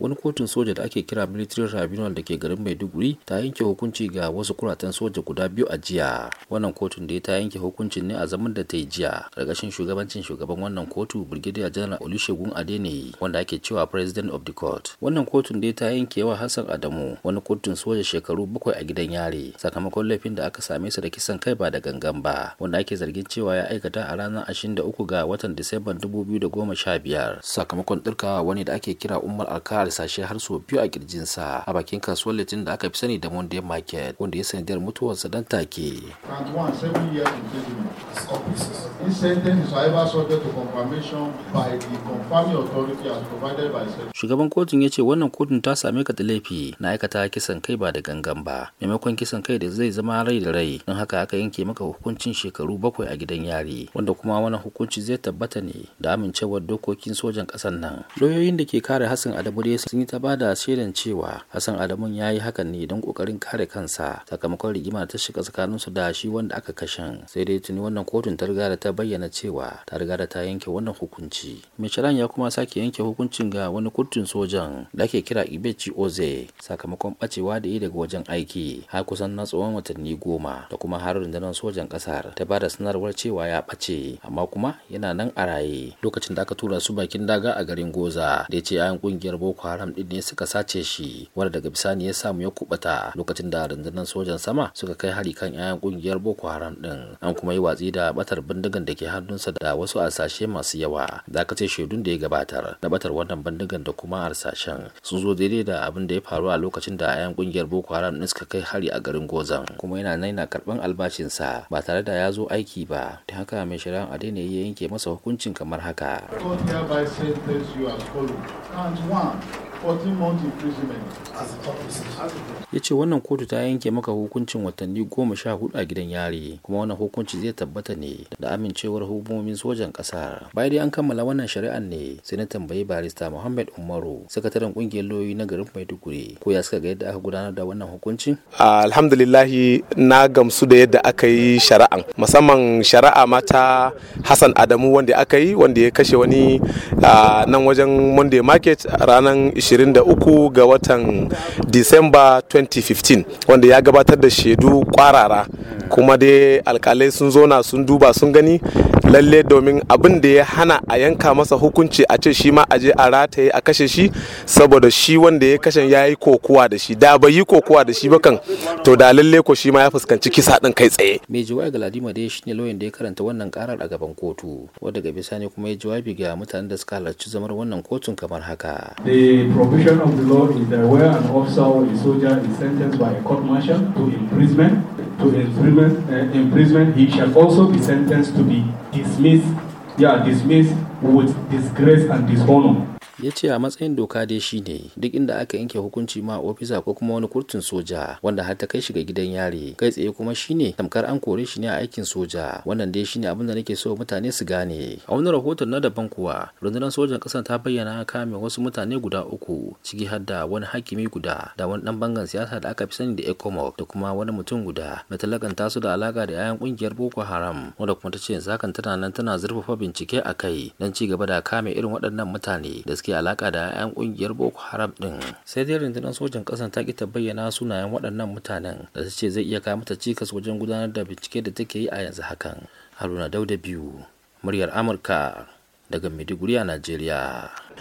wani kotun soja da ake kira military tribunal da ke garin maiduguri ta yanke hukunci ga wasu kuratan soja guda biyu a jiya wannan kotun da ta yanke hukuncin ne a zaman da ta yi jiya karkashin shugabancin shugaban wannan kotu brigadier general olusegun adene wanda ake cewa president of the court wannan kotun da ta yanke wa hassan adamu wani kotun soja shekaru bakwai a gidan yare sakamakon laifin da aka same sa da kisan kai ba da gangan ba wanda ake zargin cewa ya aikata a ranar da uku ga watan disamban 2015 sakamakon dirka wani da ake kira umar alkar harsashe har sau biyu a sa a bakin kasuwar litin da aka fi sani da monday market wanda ya sanadiyar mutuwarsa dan take shugaban kotun ya ce wannan kotun ta same ka da laifi na aikata kisan kai ba da gangan ba maimakon kisan kai da zai zama rai da rai don haka aka yanke maka hukuncin shekaru bakwai a gidan yari wanda kuma wannan hukunci zai tabbata ne da amincewar dokokin sojan ƙasar nan lauyoyin da ke kare hassan adamu sun yi ta da shaidan cewa Hassan adamu ya yi hakan ne don kokarin kare kansa sakamakon rigima ta shiga tsakaninsu da shi wanda aka kashen sai dai tuni wannan kotun ta riga da ta bayyana cewa ta riga da ta yanke wannan hukunci. Michelin ya kuma sake yanke hukuncin ga wani kurtun sojan da ake kira Ibechi Oze sakamakon bacewa da yi daga wajen aiki har kusan na tsawon watanni goma da kuma har rundunar sojan kasar ta ba da sanarwar cewa ya bace amma kuma yana nan a raye lokacin da aka tura su bakin daga a garin Goza da ya ce ayan kungiyar Boko haram din ne suka sace shi wanda daga bisani ya samu ya kubata lokacin da rundunar sojan sama suka kai hari kan 'ya'yan kungiyar boko haram din an kuma yi watsi da batar bindigan da ke hannunsa da wasu arsashe masu yawa da aka ce shaidun da ya gabatar da batar wannan bindigan da kuma arsashen sun zo daidai da abin da ya faru a lokacin da 'ya'yan kungiyar boko haram din suka kai hari a garin gozan kuma yana nan yana karban albashinsa ba tare da ya zo aiki ba ta haka mai shari'a ne ya yanke masa hukuncin kamar haka. ya ce wannan kotu ta yanke maka hukuncin watanni goma sha hudu a gidan yari kuma wannan hukunci zai tabbata ne da amincewar hukumomin sojan kasar bayan dai an kammala wannan shari'an ne sai na tambayi barista muhammad umaru sakataren kungiyar lauyoyi na garin maiduguri ko ya suka ga yadda aka gudanar da wannan hukuncin alhamdulillahi na gamsu da yadda aka yi shari'an musamman shari'a mata hassan adamu wanda aka yi wanda ya kashe wani nan wajen monday market ranar 23 ga watan disamba 2015 wanda ya gabatar da shaidu kwarara kuma dai alkalai sun zona sun duba sun gani lalle domin abin da ya hana a yanka masa hukunci a ce shi ma a je a rataye a kashe shi saboda shi wanda ya kashe ya yi kokuwa da shi da bai yi kokuwa da shi ba kan to da lalle ko shi ma ya fuskanci kisa din kai tsaye mai jawabi ladima dai shine lawyer da ya karanta wannan karar a gaban kotu wanda ga bisani kuma ya jawabi ga mutanen da suka halarci zamar wannan kotun kamar haka the provision of the law is that where an officer or a soldier is sentenced by a court martial to imprisonment to imprisonment, uh, imprisonment, he shall also be sentenced to be dismissed, yeah, dismissed with disgrace and dishonor. ya ce a matsayin doka dai shi ne duk inda aka yanke hukunci ma ofisa ko kuma wani kurtun soja wanda har ta kai shi ga gidan yare kai tsaye kuma shi ne tamkar an kore shi ne a aikin soja wannan dai ne abin da nake so mutane su gane a wani rahoton na daban kuwa rundunar sojan ƙasar ta bayyana kame wasu mutane guda uku ciki har da wani hakimi guda da wani dan bangan siyasa da aka fi sani da ecomoc da kuma wani mutum guda mai talakanta su da alaka da 'ya'yan kungiyar boko haram wanda kuma ta ce zakan tana nan tana zurfafa bincike a kai don ci gaba da kame irin waɗannan mutane da suke ke alaka da 'yan kungiyar boko haram din sai dai rundunar sojan kasan ta ki ta bayyana sunayen waɗannan mutanen da ta ce zai iya kai mata cikas wajen gudanar da bincike da take yi a yanzu hakan haruna dauda biyu muryar amurka daga maiduguri a najeriya